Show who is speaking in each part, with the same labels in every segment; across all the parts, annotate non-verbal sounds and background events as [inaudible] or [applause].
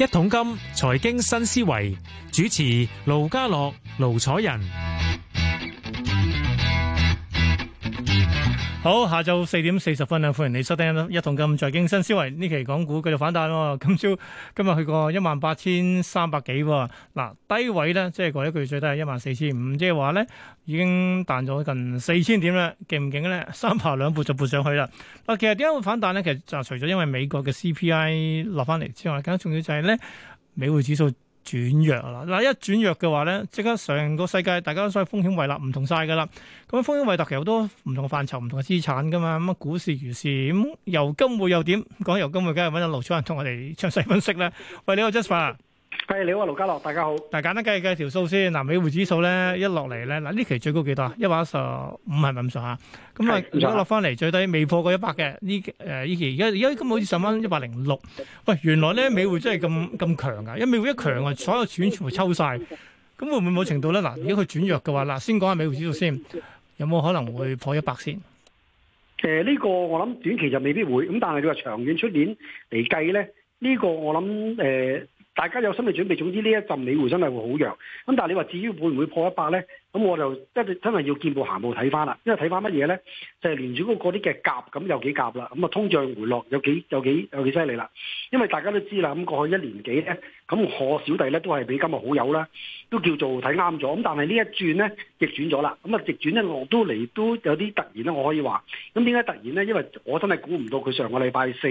Speaker 1: 一桶金財經新思維，主持盧家樂、盧楚仁。好，下晝四點四十分啊，歡迎你收聽一同金財經新思維，呢期港股繼續反彈喎，今朝今日去過一萬八千三百幾喎，嗱低位咧，即係過一個月最低係一萬四千五，即係話咧已經彈咗近四千點啦，勁唔勁咧？三拍兩撥就撥上去啦，啊，其實點解會反彈咧？其實就除咗因為美國嘅 CPI 落翻嚟之外，更加重要就係咧美匯指數。轉弱啦，嗱一轉弱嘅話咧，即刻成個世界，大家都所謂風險胃納唔同晒噶啦。咁風險胃納其實好多唔同嘅範疇、唔同嘅資產噶嘛。咁啊，股市如是，咁油金匯又點？講油金匯，梗係揾阿盧楚仁同我哋詳細分析啦。喂，你好 Jasper 係你好，盧家樂，大家好。嗱，簡單計計條數先。嗱，美匯指數咧一落嚟咧，嗱呢期最高幾多啊？115，是不是不是不一百一十五係咪咁上下？咁啊，而家落翻嚟最低未破過一百嘅。呢誒呢期而家而家今好似十蚊一百零六。喂，原來咧美匯真係咁咁強噶。因為美匯一強啊，所有錢全部抽晒。咁會唔會冇程度咧？嗱，如果佢轉弱嘅話，嗱，先講下美匯指數先，有冇可能會破一百先？
Speaker 2: 其實、呃、呢個、這個我諗短期就未必會，咁但係佢話長遠出年嚟計咧，計呢、這個我諗誒。呃大家有心理準備，總之呢一陣美匯真係會好弱。咁但係你話至於會唔會破一百咧？咁我就即係真係要見步行步睇翻啦，因為睇翻乜嘢咧，就係連住嗰啲嘅夾咁有幾夾啦，咁啊通脹回落有幾有幾有幾犀利啦，因為大家都知啦，咁過去一年幾咧，咁我小弟咧都係比今日好友啦，都叫做睇啱咗，咁但係呢一轉咧逆轉咗啦，咁啊直轉一落都嚟都有啲突然咧，我可以話，咁點解突然咧？因為我真係估唔到佢上個禮拜四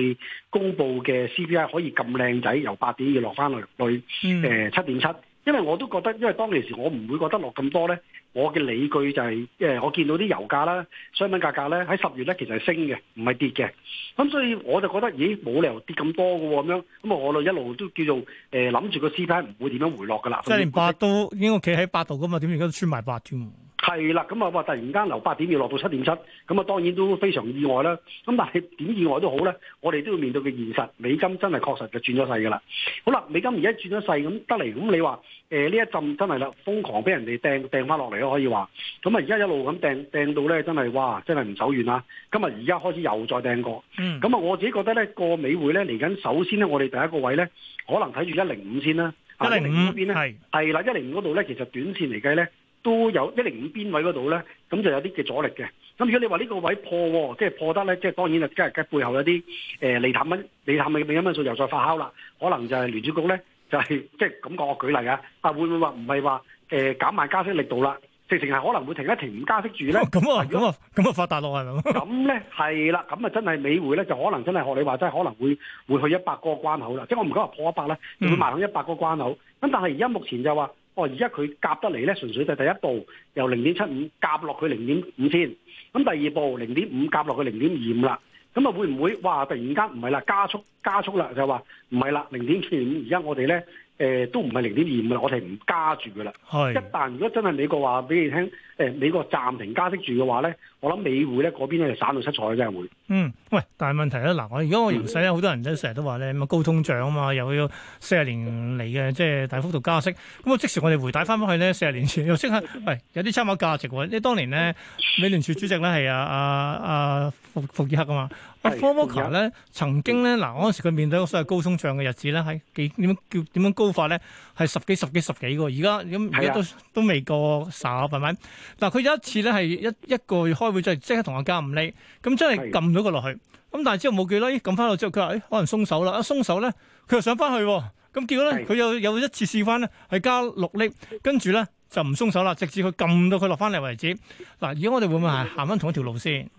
Speaker 2: 公布嘅 CPI 可以咁靚仔，由八點二落翻落去誒七點七。呃 7. 7因為我都覺得，因為當其時我唔會覺得落咁多咧。我嘅理據就係、即係，誒，我見到啲油價啦、商品價格咧，喺十月咧其實係升嘅，唔係跌嘅。咁所以我就覺得，咦，冇理由跌咁多嘅喎，咁樣咁啊，我哋一路都叫做誒諗住個市底唔會點樣回落嘅啦。即係八
Speaker 1: 都已經企喺八度嘅嘛，點解而家都穿埋八添？
Speaker 2: 係啦，咁啊，話突然間由八點二落到七點七，咁啊，當然都非常意外啦。咁但係點意外都好咧，我哋都要面對嘅現實，美金真係確實就轉咗勢噶啦。好啦，美金而、呃、家轉咗勢咁得嚟，咁你話誒呢一陣真係啦，瘋狂俾人哋掟掟翻落嚟咯，可以話。咁啊，而家一路咁掟掟到咧，真係哇，真係唔走遠啦。咁啊，而家開始又再掟過。咁、嗯、啊，我自己覺得咧，個美匯咧嚟緊，首先咧，我哋第一個位咧，可能睇住一零五先啦。一零五。邊咧？係。係啦，一零五嗰度咧，其實短綫嚟計咧。都有一零五邊位嗰度咧，咁就有啲嘅阻力嘅。咁如果你話呢個位破，即係破得咧，即係當然啊，即係背後有啲誒利淡嘅、利淡嘅尾尾因素又再發酵啦。可能就係聯儲局咧，就係、是、即係咁講，我、那個、舉例啊，但會唔會話唔係話誒減慢加息力度啦？直情係可能會停一停，唔加息住咧。咁、哦、啊，咁啊，咁啊，啊發大浪係咪？咁咧係啦，咁啊真係美匯咧就可能真係學你話齋，可能會會去一百個關口啦。即係我唔講話破一百咧，會埋到一百個關口。咁但係而家目前就話。而家佢夾得嚟咧，純粹就第一步由零點七五夾落去零點五先，咁第二步零點五夾落去零點二五啦，咁啊會唔會哇？突然間唔係啦，加速加速啦，就話唔係啦，零點二五而家我哋咧誒都唔係零點二五啦，我哋唔加住噶啦，係。一旦如果真係美國話俾你聽。誒，美國暫停加息住嘅話咧，我諗美匯咧嗰邊咧就散到七彩，真係會。
Speaker 1: 嗯，喂，但係問題咧，嗱，我而家我認識咧，好多人咧，成日都話咧，咁啊高通脹啊嘛，又要四十年嚟嘅，即係大幅度加息。咁啊，即時我哋回帶翻返去咧，四十年前又即刻，喂、哎，有啲參考價值喎。因為當年呢，美聯儲主席咧係啊啊啊，伏伏爾克啊嘛。啊，伏爾克咧曾經咧，嗱，嗰陣時佢面對嗰所謂高通脹嘅日子咧，喺幾點樣叫點樣高法咧？係十、十幾十幾十幾個，而家咁而家都都未過十，係咪？嗱，佢有一次咧係一一個月開會再即刻同我加五厘，咁真係撳咗佢落去。咁但之後冇幾耐，撳翻落之後佢話，欸，可能鬆手啦。一鬆手咧，佢又上翻去。咁結果咧，佢又有一次試翻咧，係加六厘，跟住咧就唔鬆手啦，直至佢撳到佢落翻嚟為止。嗱，而家我哋會唔會行翻同一條路先？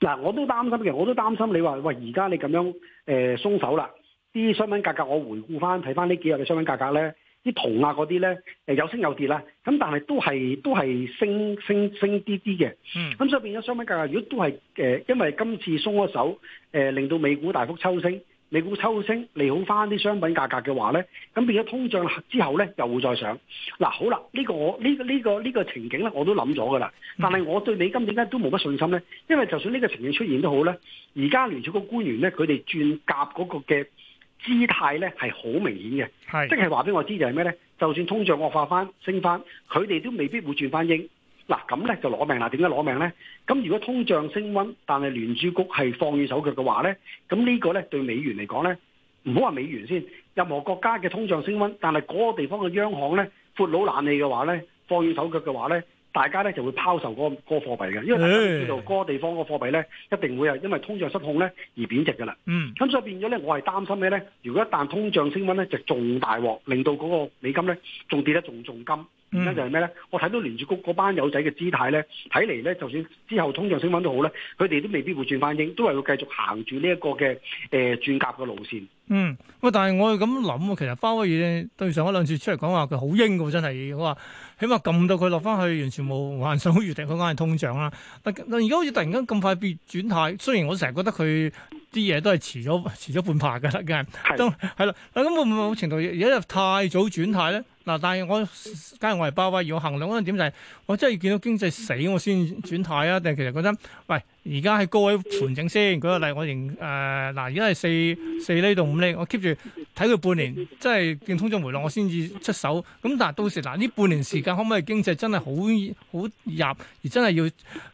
Speaker 2: 嗱，我都擔心嘅，我都擔心你話，喂，而家你咁樣誒鬆手啦，啲商品價格我回顧翻睇翻呢幾日嘅商品價格咧。啲銅啊嗰啲咧，誒有升有跌啦，咁但係都係都係升升升啲啲嘅。嗯，咁所以變咗商品價格，如果都係誒、呃，因為今次鬆咗手，誒、呃、令到美股大幅抽升，美股抽升利好翻啲商品價格嘅話咧，咁變咗通脹之後咧又會再上。嗱、啊，好啦，呢、這個我呢、這個呢、這個呢、這個情景咧我都諗咗㗎啦，但係我對美金點解都冇乜信心咧？因為就算呢個情景出現都好咧，而家聯儲局官員咧佢哋轉夾嗰個嘅姿態咧係好明顯嘅，即係話俾我知就係咩咧？就算通脹惡化翻、升翻，佢哋都未必會轉翻鷹。嗱咁咧就攞命啦！點解攞命咧？咁如果通脹升温，但係聯儲局係放軟手腳嘅話咧，咁呢個咧對美元嚟講咧，唔好話美元先，任何國家嘅通脹升温，但係嗰個地方嘅央行咧闊佬攔氣嘅話咧，放軟手腳嘅話咧。大家咧就會拋售嗰個嗰個貨幣嘅，因為大家知道嗰個地方嗰個貨幣咧一定會係因為通脹失控咧而貶值㗎啦。嗯，咁所以變咗咧，我係擔心嘅咧，如果一旦通脹升温咧，就仲大鑊，令到嗰個美金咧仲跌得仲重金。嗯、而家就係咩咧？我睇到聯儲局嗰班友仔嘅姿態咧，睇嚟咧，就算之後通脹升翻都好咧，佢哋都未必會轉翻鷹，都係會繼續行住呢一個嘅誒、呃、轉鴿嘅路線。
Speaker 1: 嗯，喂，但係我係咁諗，其實鮑威爾對上一兩次出嚟講話，佢好鷹嘅喎，真係我話起碼撳到佢落翻去，完全冇幻想預定佢硬係通脹啦。但而家好似突然間咁快變轉態，雖然我成日覺得佢啲嘢都係遲咗遲咗半拍嘅啦，梗都係啦。咁會唔會某程度而家又太早轉態咧？嗱、啊，但係我假如我係巴菲特，我衡量一個點就係，我真係要見到經濟死，我先轉態啊！定其實覺得，喂，而家喺高位盤整先。舉、那個例我認、呃現在是，我仍誒嗱，而家係四四釐到五釐，我 keep 住睇佢半年，真係見通脹回落，我先至出手。咁但係到時嗱，呢、啊、半年時間可唔可以經濟真係好好入，而真係要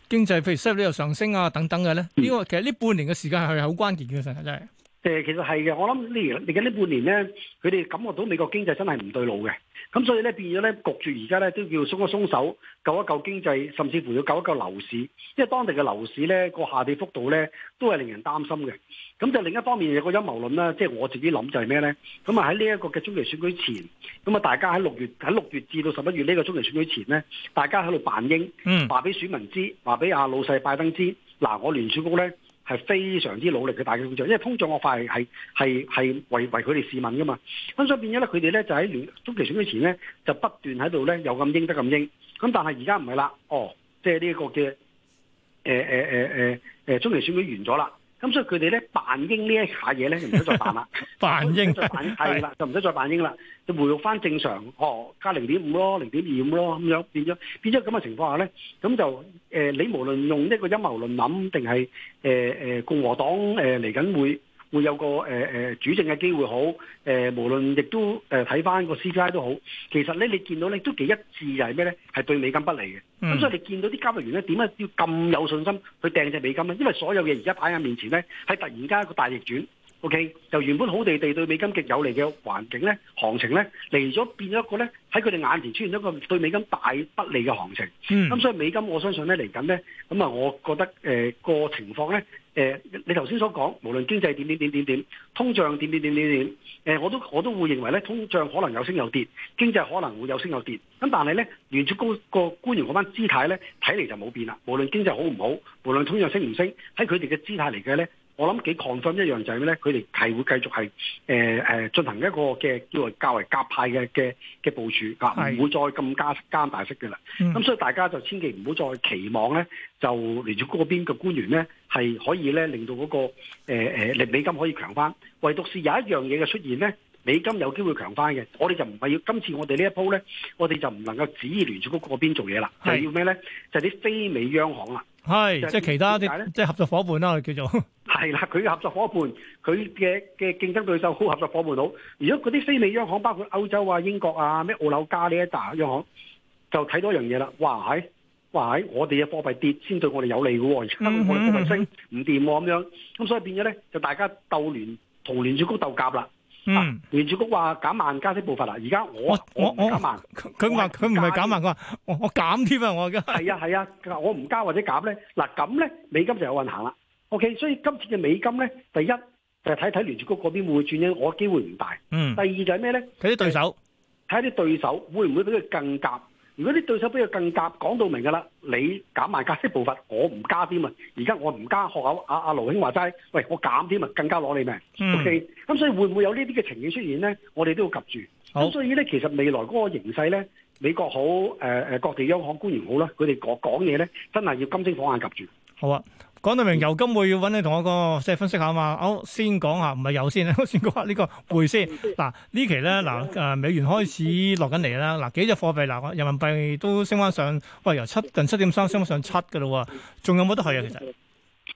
Speaker 1: 經濟譬如息率又上升啊等等嘅咧？呢、這個其實呢半年嘅時間係係好關鍵嘅，實在。
Speaker 2: 誒、嗯、其實係嘅，我諗例如嚟緊呢半年咧，佢哋感覺到美國經濟真係唔對路嘅，咁所以咧變咗咧焗住而家咧都叫鬆一鬆手，救一救經濟，甚至乎要救一救樓市，因為當地嘅樓市咧個下跌幅度咧都係令人擔心嘅。咁就另一方面有個陰謀論咧，即、就、係、是、我自己諗就係咩咧？咁啊喺呢一個嘅中期選舉前，咁啊大家喺六月喺六月至到十一月呢個中期選舉前咧，大家喺度扮鷹，嗯，話俾選民知，話俾阿老細拜登知，嗱、啊、我聯儲局咧。係非常之努力嘅大嘅工作，因為通脹惡化係係係為為佢哋市民噶嘛，咁所以變咗咧，佢哋咧就喺中期選舉前咧就不斷喺度咧有咁應得咁應，咁但係而家唔係啦，哦，即係呢一個嘅誒誒誒誒誒，中期選舉完咗啦。咁所以佢哋咧扮英呢一下嘢咧，就唔使再扮啦，扮英係啦，再 [laughs] 扮英 [laughs] 就唔使再扮英啦， [laughs] 就回復翻正常，哦加零點五咯，零點二五咯，咁樣變咗變咗，咁嘅情況下咧，咁就誒、呃、你無論用一個陰謀論諗定係誒誒共和黨誒嚟緊會。會有個誒、呃、主政嘅機會好，誒、呃、無論亦都睇翻、呃、個 CPI 都好，其實咧你見到你都幾一致是呢，就係咩咧？係對美金不利嘅。咁、嗯、所以你見到啲交易員咧點解要咁有信心去掟隻美金咧？因為所有嘢而家擺喺面前咧，喺突然間一個大逆轉，OK？就原本好地地對美金極有利嘅環境咧，行情咧嚟咗變咗一個咧喺佢哋眼前出現一個對美金大不利嘅行情。咁、嗯、所以美金我相信咧嚟緊咧，咁啊，我覺得誒、呃這個情況咧。誒、呃，你頭先所講，無論經濟點點點點點，通脹點點點點點，誒、呃，我都我都會認為咧，通脹可能有升有跌，經濟可能會有升有跌，咁但係咧，連住高個官員嗰班姿態咧，睇嚟就冇變啦，無論經濟好唔好，無論通脹升唔升，喺佢哋嘅姿態嚟嘅咧。我諗幾亢心一樣就係咩咧？佢哋係會繼續係誒誒進行一個嘅叫做較為鴿派嘅嘅嘅部署，唔會再咁加加大息嘅啦。咁、嗯、所以大家就千祈唔好再期望咧，就聯儲局嗰邊嘅官員咧係可以咧令到嗰、那個誒誒、呃、美金可以強翻。唯獨是有一樣嘢嘅出現咧，美金有機會強翻嘅。我哋就唔係要今次我哋呢一鋪咧，我哋就唔能夠指意聯儲局嗰邊做嘢啦，就要咩咧？就係啲非美央行啦。係，即係其他啲即係合作伙伴啦，叫做係啦。佢嘅合作伙伴，佢嘅嘅競爭對手，好合作伙伴到。而如果嗰啲非美央行，包括歐洲啊、英國啊、咩澳紐加呢一紮央行，就睇到一樣嘢啦。哇！喺哇！喺我哋嘅貨幣跌，先對我哋有利嘅，咁我哋貨幣升唔掂咁樣。咁所以變咗咧，就大家鬥，聯同聯儲局鬥夾啦。嗯，聯儲局話減慢加息步伐啦，而家我我我減慢，佢話佢唔係減慢，佢話我我減添啊，我而家係啊係啊，我唔加或者減咧，嗱咁咧美金就有運行啦，OK，所以今次嘅美金咧，第一就係睇睇聯儲局嗰邊會唔會轉呢？我機會唔大，嗯，第二就係咩咧？睇啲對手，睇啲對手會唔會俾佢更夾？如果啲對手比佢更夾，講到明㗎啦，你減慢加息步伐，我唔加添啊！而家我唔加，學下阿阿盧兄話齋，喂，我減添啊，更加攞你命。O K，咁所以會唔會有呢啲嘅情形出現咧？我哋都要及住。咁所以咧，其實未來嗰個形勢咧，美國好，誒、呃、誒，各地央行官員好啦，佢哋講講嘢咧，真係要金睛火眼及住。
Speaker 1: 好啊。講到明油金匯，要揾你同我個社分析下嘛。好，我先講下，唔係油先啊，我先講下呢個匯先。嗱呢期咧，嗱誒美元開始落緊嚟啦，嗱幾隻貨幣，嗱人民幣都升翻上，喂由七近七點三升翻上七噶啦，仲有冇得去啊？其實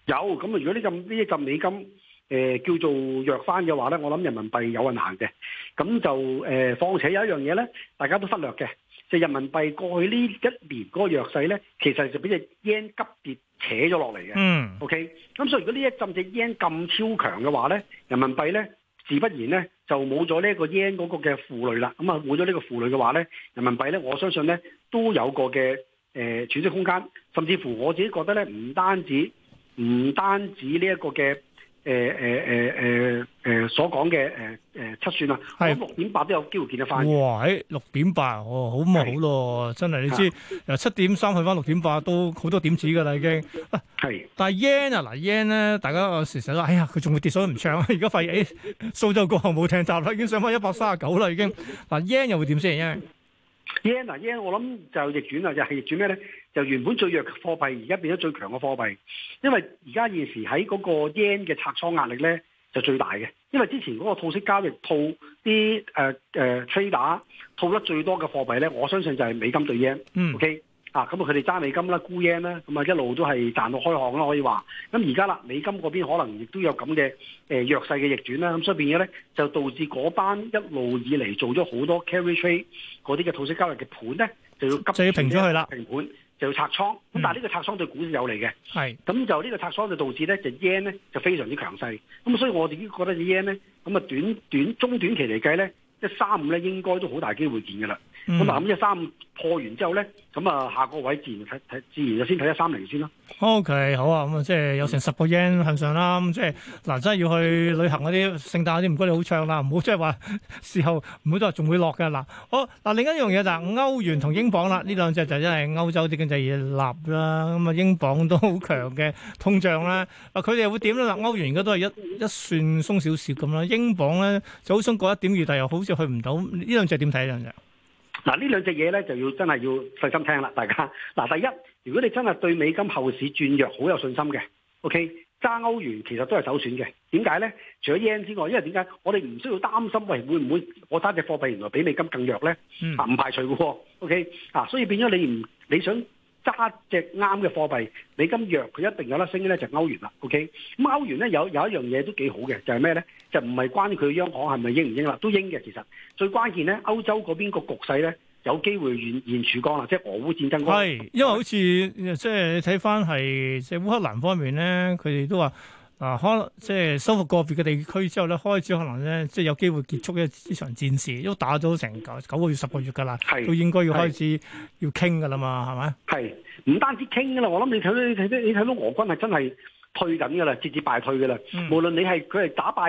Speaker 2: 有咁啊，如果呢浸呢浸美金誒叫做弱翻嘅話咧，我諗人民幣有運行嘅，咁就誒，況且有一樣嘢咧，大家都忽略嘅。即係人民幣過去呢一年嗰個弱勢咧，其實就俾隻 yen 急跌扯咗落嚟嘅。嗯，OK 嗯。咁所以如果呢一陣隻 yen 咁超強嘅話咧，人民幣咧自不然咧就冇咗呢一個 yen 嗰個嘅負累啦。咁啊，冇咗呢個負累嘅、嗯、話咧，人民幣咧我相信咧都有個嘅誒儲蓄空間，甚至乎我自己覺得咧唔單止唔單止呢一個嘅。誒誒誒誒誒所講嘅誒誒七算啊，我六點八都有機會見得翻。哇！
Speaker 1: 喺六點八，哦，好咪好咯、啊，真係你知由七點三去翻六點八，都好多點子㗎啦，已經。係、啊。但係 yen 啊，嗱 yen 咧，大家事實都，哎呀，佢仲會跌，所以唔唱啊！而家發現，咦？蘇州過後冇艇搭啦，已經上翻一百三十九啦，已經。嗱 yen 又會點先？yen，yen
Speaker 2: 嗱 yen，我諗就逆轉啦，就係逆轉咩咧？就原本最弱嘅貨幣，而家變咗最強嘅貨幣，因為而家現時喺嗰個 yen 嘅拆倉壓力咧就最大嘅。因為之前嗰個套息交易套啲呃誒 trade 打，呃、套得最多嘅貨幣咧，我相信就係美金對 yen，嗯，OK 啊，咁啊佢哋揸美金啦沽 yen 啦，咁啊一路都係賺到開行啦，可以話，咁而家啦美金嗰邊可能亦都有咁嘅誒弱勢嘅逆轉啦，咁所以變咗咧就導致嗰班一路以嚟做咗好多 carry trade 嗰啲嘅套息交易嘅盤咧就要急就要平咗佢啦，平就要拆倉，咁但係呢個拆倉對股市有利嘅，係，咁就呢個拆倉就導致咧，就 yen 咧就非常之強勢，咁所以我哋已經覺得嘅 yen 咧，咁啊短短中短期嚟計咧，一三五咧應該都好大機會見噶啦。咁、嗯、嗱，咁一三破完之後咧，咁啊，下個位自然睇睇，自然就先
Speaker 1: 睇一三零先啦。OK，好啊，咁啊，即係有成十個 yen 向上啦。咁即係嗱，真係要去旅行嗰啲聖誕嗰啲，唔該你好唱啦，唔好即係話事後唔好都話仲會落㗎喇。好嗱，另一樣嘢就係歐元同英鎊啦。呢兩隻就因為歐洲啲經濟要立啦。咁啊，英鎊都好強嘅通脹啦。啊，佢哋會點咧？嗱，歐元而家都係一一算鬆少少咁啦。英鎊咧就好想過一點二，但又好似去唔到呢。兩隻點睇呢？兩隻？
Speaker 2: 嗱，呢兩隻嘢咧就要真係要細心聽啦，大家。嗱，第一，如果你真係對美金後市轉弱好有信心嘅，O K，揸歐元其實都係首選嘅。點解咧？除咗 yen 之外，因為點解我哋唔需要擔心，喂，會唔會我揸隻貨幣原來比美金更弱咧？唔、嗯、排除嘅，O K，嗱，所以變咗你唔你想。揸隻啱嘅貨幣，美金弱，佢一定有得升咧，就歐元啦。OK，咁歐元咧有有一樣嘢都幾好嘅，就係咩咧？就唔係關佢央行係咪應唔應啦，都應嘅。其實最關鍵咧，歐洲嗰邊個局勢咧，有機會現現曙光啦，即係俄烏戰爭。係，因
Speaker 1: 為好似即係睇返係即係烏克蘭方面咧，佢哋都話。啊，可能即係收復個別嘅地區之後咧，開始可能咧即係有機會結束呢一場戰事，都打咗成九九個月、十個月噶啦，
Speaker 2: 都應該要開始要傾噶啦嘛，係咪？係，唔單止傾噶啦，我諗你睇到你睇到你睇到俄軍係真係。退緊㗎啦，節節敗退㗎啦。無論你係佢係打敗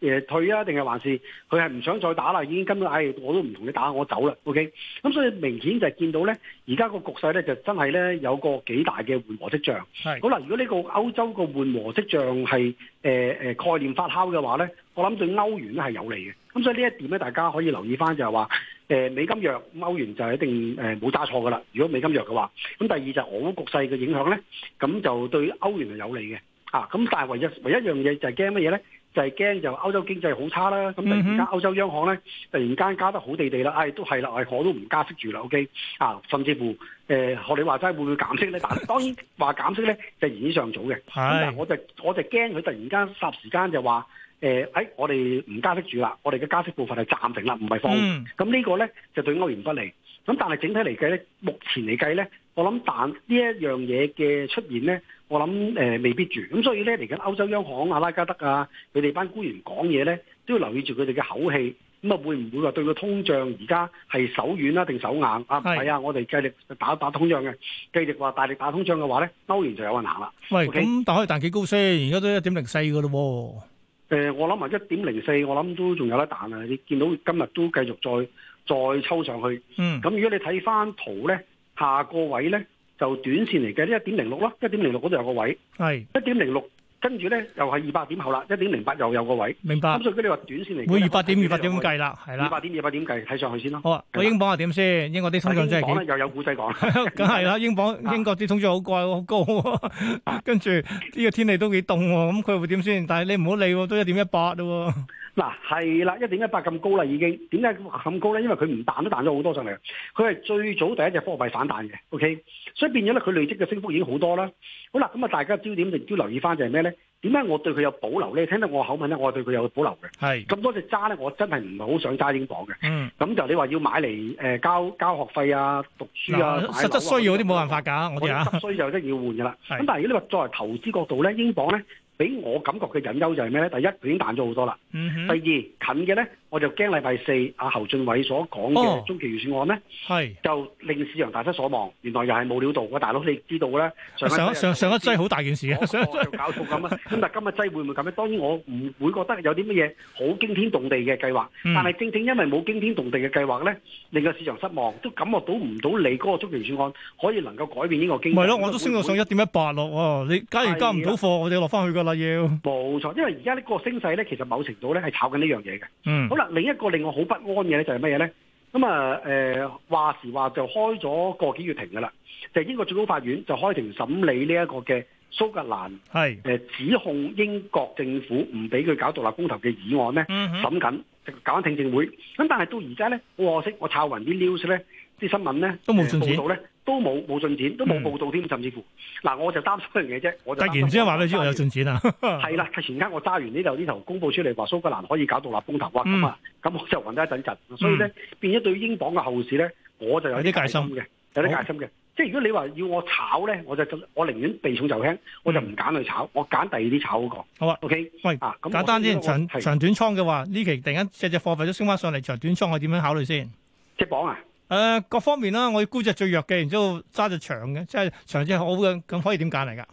Speaker 2: 而誒退啊，定係還是佢係唔想再打啦，已經根本唉，我都唔同你打，我走啦。O K。咁所以明顯就係見到咧，而家個局勢咧就真係咧有個幾大嘅緩和跡象。係。好啦，如果呢個歐洲個緩和跡象係誒誒概念發酵嘅話咧，我諗對歐元係有利嘅。咁所以呢一點咧，大家可以留意翻就係話誒美金弱歐元就係一定誒冇揸錯㗎啦。如果美金弱嘅話，咁第二就係、是、俄國局勢嘅影響咧，咁就對歐元係有利嘅。啊！咁但係唯一唯一樣樣嘢就係驚乜嘢咧？就係、是、驚就歐洲經濟好差啦。咁突然間歐洲央行咧突然間加得好地地啦，唉、哎、都係啦，係我都唔加息住啦，OK 啊，甚至乎誒學、呃、你話齋會唔會減息咧？但當當然話減息咧就言之尚早嘅。係， [laughs] 但係我就我就驚佢突然間霎時間就話誒、呃哎，我哋唔加息住啦，我哋嘅加息部分係暫停啦，唔係放。咁、 [laughs] 啊這個、呢個咧就對歐元不利。咁但係整體嚟計咧，目前嚟計咧。我諗但呢一樣嘢嘅出現咧，我諗、呃、未必住，咁所以咧嚟緊歐洲央行阿、啊、拉加德啊，佢哋班官員講嘢咧，都要留意住佢哋嘅口氣，咁啊會唔會話對個通脹而家係手軟啦定手硬啊？係啊，我哋繼續打打通脹嘅，繼續話大力打通脹嘅話咧，歐元就有人行啦。
Speaker 1: 喂，咁打開彈幾高先？而家都一點零四個咯喎。
Speaker 2: 誒，我諗埋一點零四，我諗都仲有得彈嘅。你見到今日都繼續再再抽上去。嗯。咁如果你睇翻圖咧？下個位咧就短線嚟嘅，一點零六啦，一點零六嗰度有個位，係一點零六，跟住咧又係二百點後啦，一點零八又有個位，明白。咁所以你話短線嚟嘅，每二百
Speaker 1: 點、二百點咁計啦，係啦，二百點、
Speaker 2: 二百點計睇上去先咯。好啊，個英鎊又點先？英國啲通脹真係，又有古仔講。
Speaker 1: 梗係啦，英鎊英國啲通脹好貴喎，好高喎、啊。 [laughs] 跟住呢、這個天氣都幾凍喎，咁佢會點先？但係你唔好理喎、啊，都一點一八喎。
Speaker 2: 嗱、啊，係啦，一點一八咁高啦，已經點解咁高咧？因為佢唔彈都彈咗好多上嚟，佢係最早第一隻貨幣反彈嘅，OK，所以變咗咧，佢累積嘅升幅已經好多啦。好啦，咁啊，大家焦點仲要留意翻就係咩咧？點解我對佢有保留咧？聽得我口吻咧，我係對佢有保留嘅。係咁多隻揸咧，我真係唔係好想揸英鎊嘅。咁、嗯、就你話要買嚟誒、呃、交交學費啊、讀書啊，嗯、啊實質需要嗰啲冇辦法㗎，我哋啊，需就真要換㗎啦。咁，但係如果你話作為投資角度咧，英鎊咧。俾我感覺嘅隱憂就係咩咧？第一，佢已經彈咗好多啦，
Speaker 1: 嗯哼，
Speaker 2: 第二，近嘅咧。我就驚禮拜四阿侯俊偉所講嘅中期預算案咧，就令市場大失所望。原來又係冇料到嘅，大佬你知道嘅咧。上一上
Speaker 1: 上一劑好大件事啊！
Speaker 2: 想又搞錯咁啊！咁但係今日劑會唔會咁咧？當然我唔會覺得有啲乜嘢好驚天動地嘅計劃。但係正正因為冇驚天動地嘅計劃咧，令個市場失望，都感覺到唔到你嗰個中期預算案可以能夠改變呢個經濟。咪咯，我都升到上一點一八六咯。
Speaker 1: 哦，你假如交唔到貨，
Speaker 2: 我哋落翻去㗎啦，要。冇錯，因為而家呢個升勢咧，其實某程度咧係炒緊呢樣嘢嘅。嗯。好啦。另一個令我好不安嘅咧就係乜嘢咧？咁、嗯、啊，誒、呃、話時話就開咗個幾月庭噶啦，就是、英國最高法院就開庭審理呢一個嘅蘇格蘭係誒指控英國政府唔俾佢搞獨立公投嘅議案咧，審緊、嗯、搞緊聽證會。咁但係到而家咧，我可惜我抄匀啲 news 咧，啲新聞咧都冇報道咧。呃都冇冇進展，都冇報道添，甚至乎嗱，我就擔心一樣嘢啫。突然之間話
Speaker 1: 你知我有進展啊？
Speaker 2: 係啦，突然間我揸完呢頭呢頭公佈出嚟，話蘇格蘭可以搞獨立風頭哇！咁、 [laughs] okay? 啊，咁我就揾得一陣陣，所以咧變咗對英鎊嘅後市咧，我就有啲戒心嘅，有啲戒心嘅。即係如果你話要我炒咧，我就我寧願避重就輕，我就唔揀去炒，我揀第二啲炒嗰個。好啊，OK，喂啊，咁簡單先，長長
Speaker 1: 短倉嘅話，呢期突然間隻隻貨幣都升翻上嚟，長短倉我點樣考慮先？
Speaker 2: 即係綁啊！誒
Speaker 1: 各方面啦，我要沽就最弱嘅，然之後揸就強嘅，即係強質好嘅，咁可以點揀嚟
Speaker 2: 㗎？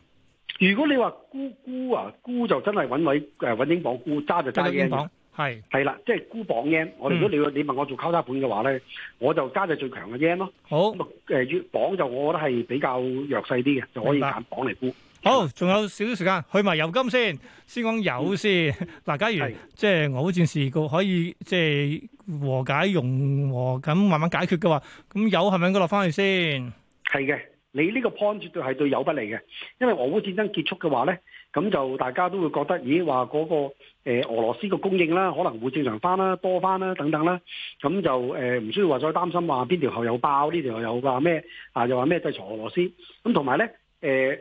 Speaker 2: 如果你話沽沽啊，沽就真係揾位誒揾英鎊沽，揸就揸英鎊，係係啦，即係沽鎊。yen、嗯我如果你你問我做交叉盤嘅話咧，我就揸就最強嘅 yen 咯。好，誒越磅就我覺得係比較弱勢啲嘅，就可以揀榜嚟沽。
Speaker 1: 好，仲有少少時間，先去埋油金先，先講油先。嗱、嗯，假如即係俄烏戰事個可以即係和解，融和咁慢慢解決嘅話，咁油係咪應該落翻去先？
Speaker 2: 係嘅，你呢個 point 絕對係對油不利嘅，因為俄烏戰爭結束嘅話咧，咁就大家都會覺得，咦，話嗰、那個誒、呃、俄羅斯嘅供應啦，可能會正常翻啦，多翻啦，等等啦，咁就誒唔、呃、需要話再擔心話邊條油有爆，呢條又話咩啊，又話咩制裁俄羅斯，咁同埋咧誒。呃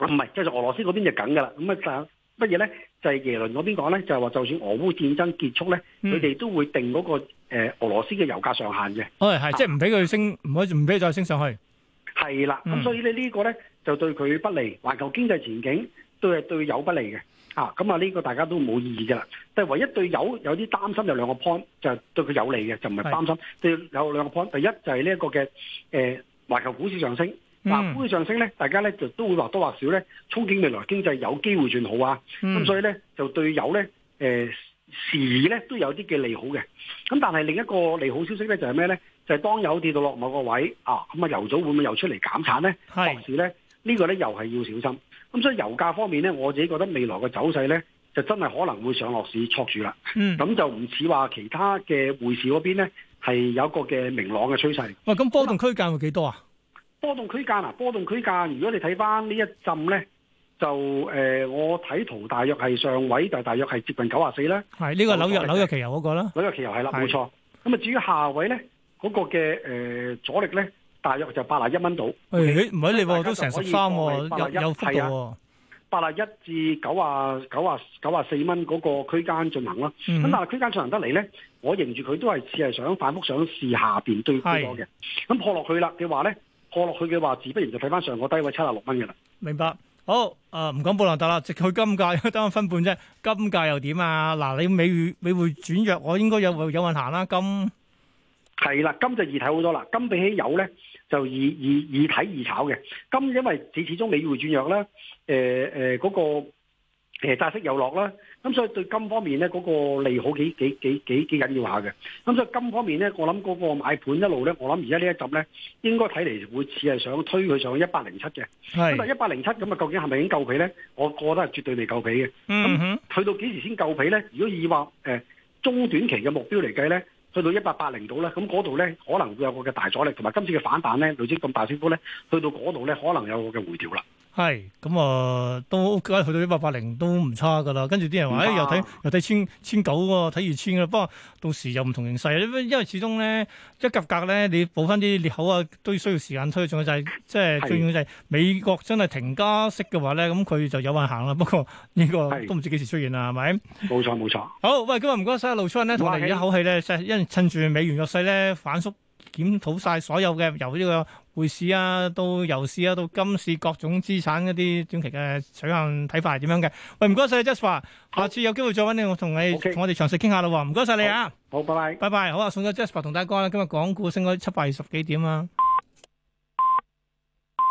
Speaker 2: 唔係，即係俄羅斯嗰邊就緊嘅啦。咁啊，但乜嘢咧？就係耶倫嗰邊講咧，就係話就算俄烏戰爭結束咧，佢哋都會定嗰個誒俄羅斯嘅油價上限嘅。係係，即係
Speaker 1: 唔俾佢升，唔可唔俾再升上去。
Speaker 2: 係啦，咁所以咧呢個咧就對佢不利，環球經濟前景都係對佢有不利嘅。啊，咁啊呢個大家都冇意義嘅啦。但係唯一對油有啲擔心有兩個 point，就對佢有利嘅，就唔係擔心。對有兩個 point，第一就係呢一個嘅誒環球股市上升。嗱、嗯，普遍上升咧，大家咧就都會或多或少咧憧憬未來經濟有機會轉好啊。咁、嗯、所以咧就對呢、欸、油咧，誒，時咧都有啲嘅利好嘅。咁但係另一個利好消息咧就係咩咧？就係、是、當油跌到落某個位啊，咁啊油組會唔會出減又出嚟減產咧？同時咧，呢個咧又係要小心。咁所以油價方面咧，我自己覺得未來嘅走勢咧，就真係可能會上落市捉住啦。咁、嗯、就唔似話其他嘅匯市嗰邊咧，係有一個嘅明朗嘅趨勢。喂、嗯，咁
Speaker 1: 波動區間會幾多啊？
Speaker 2: 波動區間啊，波動區間，如果你睇翻呢一浸咧，就誒、呃，我睇圖大約係上位就大約係接近九啊四啦。
Speaker 1: 呢個紐約紐約期油嗰個啦。
Speaker 2: 紐約期油係啦，冇錯。咁啊，至於下位咧，嗰個嘅誒阻力咧，大約就八啊一蚊度。
Speaker 1: 唔係你喎，都成十三喎，有有幅度喎、
Speaker 2: 啊。八啊一至九啊九啊九啊四蚊嗰個區間進行啦咁、嗯、但係區間進行得嚟咧，我認住佢都係似係想反覆想試,試下邊對下呢個嘅。咁破落去啦嘅話咧。破落去嘅話，自不然就睇翻上個低位七十六蚊嘅啦。
Speaker 1: 明白，好，誒唔講布蘭特啦，直佢金價得一分半啫，金價又點啊？嗱，你
Speaker 2: 美匯美匯轉弱，我應該有有運行啦。金係啦，金就易睇好多啦。金比起油咧，就易易易睇易炒嘅。金因為你始終美匯轉弱咧，誒誒嗰其實誒加息又落啦，咁所以對金方面咧，嗰、那個利好幾幾幾幾幾緊要下嘅。咁所以金方面咧，我諗嗰個買盤一路咧，我諗而家呢一集咧，應該睇嚟會似係想推佢上去一百零七嘅。咁但一百零七咁啊，究竟係咪已經夠皮咧？我覺得係絕對未夠皮嘅。
Speaker 1: 咁、嗯、
Speaker 2: 去到幾時先夠皮咧？如果以話誒、呃、中短期嘅目標嚟計咧，去到一百八零度咧，咁嗰度咧可能會有個嘅大阻力，同埋今次嘅反彈咧，累積咁大升幅咧，去到嗰度咧，可能有個嘅回調啦。
Speaker 1: 係，咁、嗯、啊都梗係去到一八八零都唔差噶啦。跟住啲人話，唉、哎，又睇又睇千千九喎，睇二千噶啦。不過到時又唔同形勢，因為始終咧一夾格咧，你補翻啲裂口啊，都需要時間推。仲要就係即係最重要就係美國真係停加息嘅話咧，咁佢就有運行啦。不過呢個都唔知幾時出現啦，係咪？
Speaker 2: 冇錯冇錯。
Speaker 1: 好，喂、嗯，今日唔該晒盧楚仁咧，同我哋一口氣咧，因趁住美元弱勢咧反縮。檢討晒所有嘅由呢個匯市啊，到油市啊，到金市各種資產一啲短期嘅取向睇法係點樣嘅？喂，唔該晒 Jasper 下次有機會再揾你，okay. 我同你我哋詳細傾下咯。唔該晒你啊，好，拜拜，拜拜，好啊，送咗 Jasper 同大家講啦，今日港股升咗七百二十幾點啊！